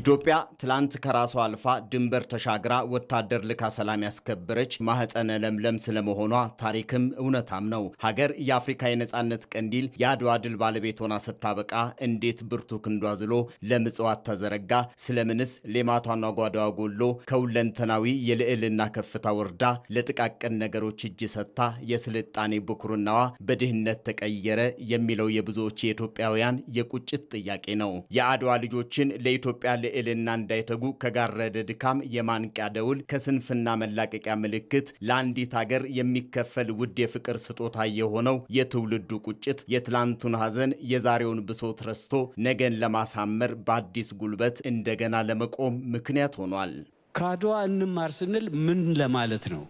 ኢትዮጵያ ትላንት ከራሷ አልፋ ድንበር ተሻግራ ወታደር ልካ ሰላም ያስከበረች ማህፀነ ለምለም ስለመሆኗ ታሪክም እውነታም ነው። ሀገር የአፍሪካ የነፃነት ቀንዲል የአድዋ ድል ባለቤት ሆና ስታበቃ እንዴት ብርቱ ክንዷ ዝሎ ለምጽዋት ተዘረጋ? ስለምንስ ሌማቷና ጓዳዋ ጎሎ ከሁለንተናዊ የልዕልና ከፍታ ወርዳ ለጥቃቅን ነገሮች እጅ ሰጥታ የስልጣኔ ብኩርናዋ በድህነት ተቀየረ የሚለው የብዙዎች የኢትዮጵያውያን የቁጭት ጥያቄ ነው። የአድዋ ልጆችን ለኢትዮጵያ ልዕልና እንዳይተጉ ከጋረደ ድካም የማንቂያ ደውል ከስንፍና መላቀቂያ ምልክት ለአንዲት ሀገር የሚከፈል ውድ የፍቅር ስጦታ የሆነው የትውልዱ ቁጭት የትላንቱን ሐዘን የዛሬውን ብሶት ረስቶ ነገን ለማሳመር በአዲስ ጉልበት እንደገና ለመቆም ምክንያት ሆኗል። ከአድዋ እንማር ስንል ምን ለማለት ነው?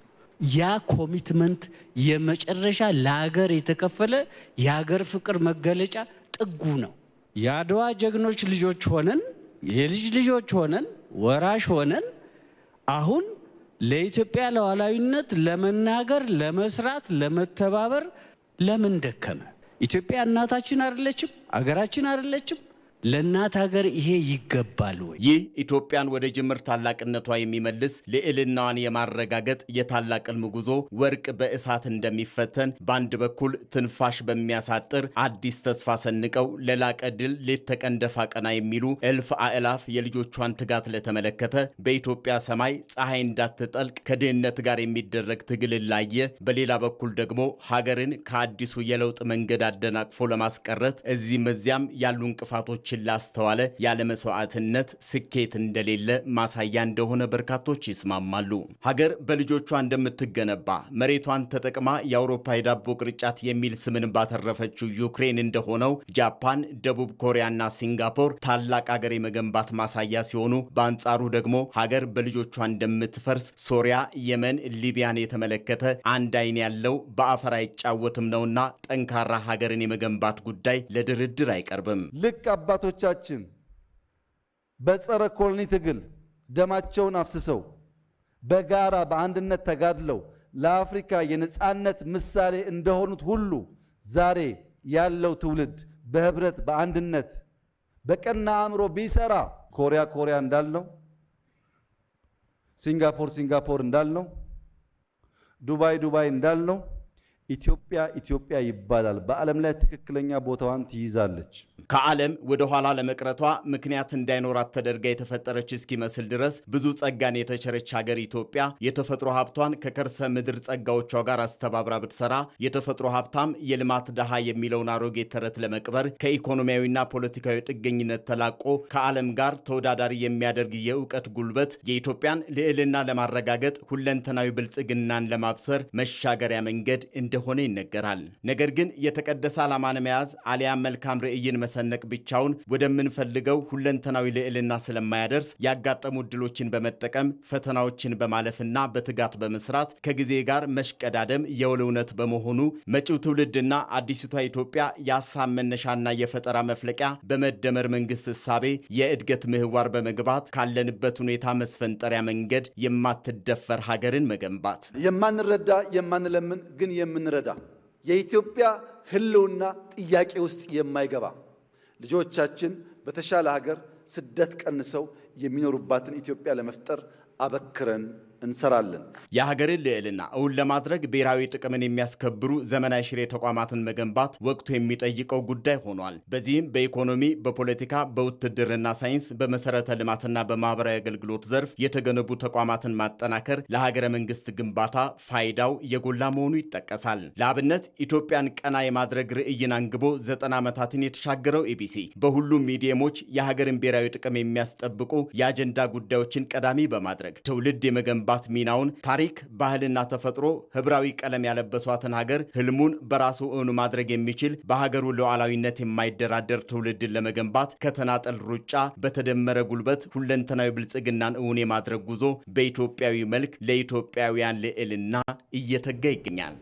ያ ኮሚትመንት የመጨረሻ ለሀገር የተከፈለ የሀገር ፍቅር መገለጫ ጥጉ ነው። የአድዋ ጀግኖች ልጆች ሆነን የልጅ ልጆች ሆነን ወራሽ ሆነን አሁን ለኢትዮጵያ ለዋላዊነት ለመናገር፣ ለመስራት፣ ለመተባበር ለምን ደከመ? ኢትዮጵያ እናታችን አይደለችም? አገራችን አይደለችም? ለእናት ሀገር ይሄ ይገባል ወይ? ይህ ኢትዮጵያን ወደ ጅምር ታላቅነቷ የሚመልስ ልዕልናዋን የማረጋገጥ የታላቅ ሕልም ጉዞ ወርቅ በእሳት እንደሚፈተን በአንድ በኩል ትንፋሽ በሚያሳጥር አዲስ ተስፋ ሰንቀው ለላቀ ድል ሌት ተቀን ደፋ ቀና የሚሉ እልፍ አእላፍ የልጆቿን ትጋት ለተመለከተ በኢትዮጵያ ሰማይ ፀሐይ እንዳትጠልቅ ከድህነት ጋር የሚደረግ ትግል ላየ፣ በሌላ በኩል ደግሞ ሀገርን ከአዲሱ የለውጥ መንገድ አደናቅፎ ለማስቀረት እዚህም እዚያም ያሉ እንቅፋቶች ችላ ላስተዋለ ያለ መስዋዕትነት ስኬት እንደሌለ ማሳያ እንደሆነ በርካቶች ይስማማሉ። ሀገር በልጆቿ እንደምትገነባ መሬቷን ተጠቅማ የአውሮፓ የዳቦ ቅርጫት የሚል ስምን ባተረፈችው ዩክሬን እንደሆነው ጃፓን፣ ደቡብ ኮሪያና ሲንጋፖር ታላቅ ሀገር የመገንባት ማሳያ ሲሆኑ፣ በአንጻሩ ደግሞ ሀገር በልጆቿ እንደምትፈርስ ሶሪያ፣ የመን፣ ሊቢያን የተመለከተ አንድ አይን ያለው በአፈር አይጫወትም ነውና ጠንካራ ሀገርን የመገንባት ጉዳይ ለድርድር አይቀርብም። ልክ አባ አባቶቻችን በጸረ ኮሎኒ ትግል ደማቸውን አፍስሰው በጋራ በአንድነት ተጋድለው ለአፍሪካ የነጻነት ምሳሌ እንደሆኑት ሁሉ ዛሬ ያለው ትውልድ በህብረት በአንድነት በቀና አእምሮ ቢሰራ ኮሪያ ኮሪያ እንዳልነው፣ ሲንጋፖር ሲንጋፖር እንዳልነው፣ ዱባይ ዱባይ እንዳልነው ኢትዮጵያ ኢትዮጵያ ይባላል። በዓለም ላይ ትክክለኛ ቦታዋን ትይዛለች። ከዓለም ወደ ኋላ ለመቅረቷ ምክንያት እንዳይኖራት ተደርጋ የተፈጠረች እስኪመስል ድረስ ብዙ ጸጋን የተቸረች ሀገር ኢትዮጵያ የተፈጥሮ ሀብቷን ከከርሰ ምድር ጸጋዎቿ ጋር አስተባብራ ብትሰራ የተፈጥሮ ሀብታም የልማት ድሃ የሚለውን አሮጌ ተረት ለመቅበር ከኢኮኖሚያዊና ፖለቲካዊ ጥገኝነት ተላቆ ከዓለም ጋር ተወዳዳሪ የሚያደርግ የእውቀት ጉልበት የኢትዮጵያን ልዕልና ለማረጋገጥ ሁለንተናዊ ብልጽግናን ለማብሰር መሻገሪያ መንገድ እንደ እንደሆነ ይነገራል። ነገር ግን የተቀደሰ ዓላማን መያዝ አሊያም መልካም ርዕይን መሰነቅ ብቻውን ወደምንፈልገው ሁለንተናዊ ልዕልና ስለማያደርስ ያጋጠሙ እድሎችን በመጠቀም ፈተናዎችን በማለፍና በትጋት በመስራት ከጊዜ ጋር መሽቀዳደም የወል እውነት በመሆኑ መጪው ትውልድና አዲስቷ ኢትዮጵያ የሀሳብ መነሻና የፈጠራ መፍለቂያ በመደመር መንግስት እሳቤ የእድገት ምህዋር በመግባት ካለንበት ሁኔታ መስፈንጠሪያ መንገድ የማትደፈር ሀገርን መገንባት የማንረዳ የማንለምን ግን የምን የምንረዳ የኢትዮጵያ ሕልውና ጥያቄ ውስጥ የማይገባ ልጆቻችን በተሻለ ሀገር ስደት ቀንሰው የሚኖሩባትን ኢትዮጵያ ለመፍጠር አበክረን እንሰራለን። የሀገርን ልዕልና እውን ለማድረግ ብሔራዊ ጥቅምን የሚያስከብሩ ዘመናዊ ሽሬ ተቋማትን መገንባት ወቅቱ የሚጠይቀው ጉዳይ ሆኗል። በዚህም በኢኮኖሚ፣ በፖለቲካ፣ በውትድርና ሳይንስ፣ በመሰረተ ልማትና በማህበራዊ አገልግሎት ዘርፍ የተገነቡ ተቋማትን ማጠናከር ለሀገረ መንግስት ግንባታ ፋይዳው የጎላ መሆኑ ይጠቀሳል። ለአብነት ኢትዮጵያን ቀና የማድረግ ርዕይን አንግቦ ዘጠና ዓመታትን የተሻገረው ኢቢሲ በሁሉም ሚዲየሞች የሀገርን ብሔራዊ ጥቅም የሚያስጠብቁ የአጀንዳ ጉዳዮችን ቀዳሚ በማድረግ በማድረግ ትውልድ የመገንባት ሚናውን ታሪክ፣ ባህልና ተፈጥሮ ህብራዊ ቀለም ያለበሷትን ሀገር ህልሙን በራሱ እውኑ ማድረግ የሚችል በሀገሩ ሉዓላዊነት የማይደራደር ትውልድን ለመገንባት ከተናጠል ሩጫ በተደመረ ጉልበት ሁለንተናዊ ብልጽግናን እውን የማድረግ ጉዞ በኢትዮጵያዊ መልክ ለኢትዮጵያውያን ልዕልና እየተጋ ይገኛል።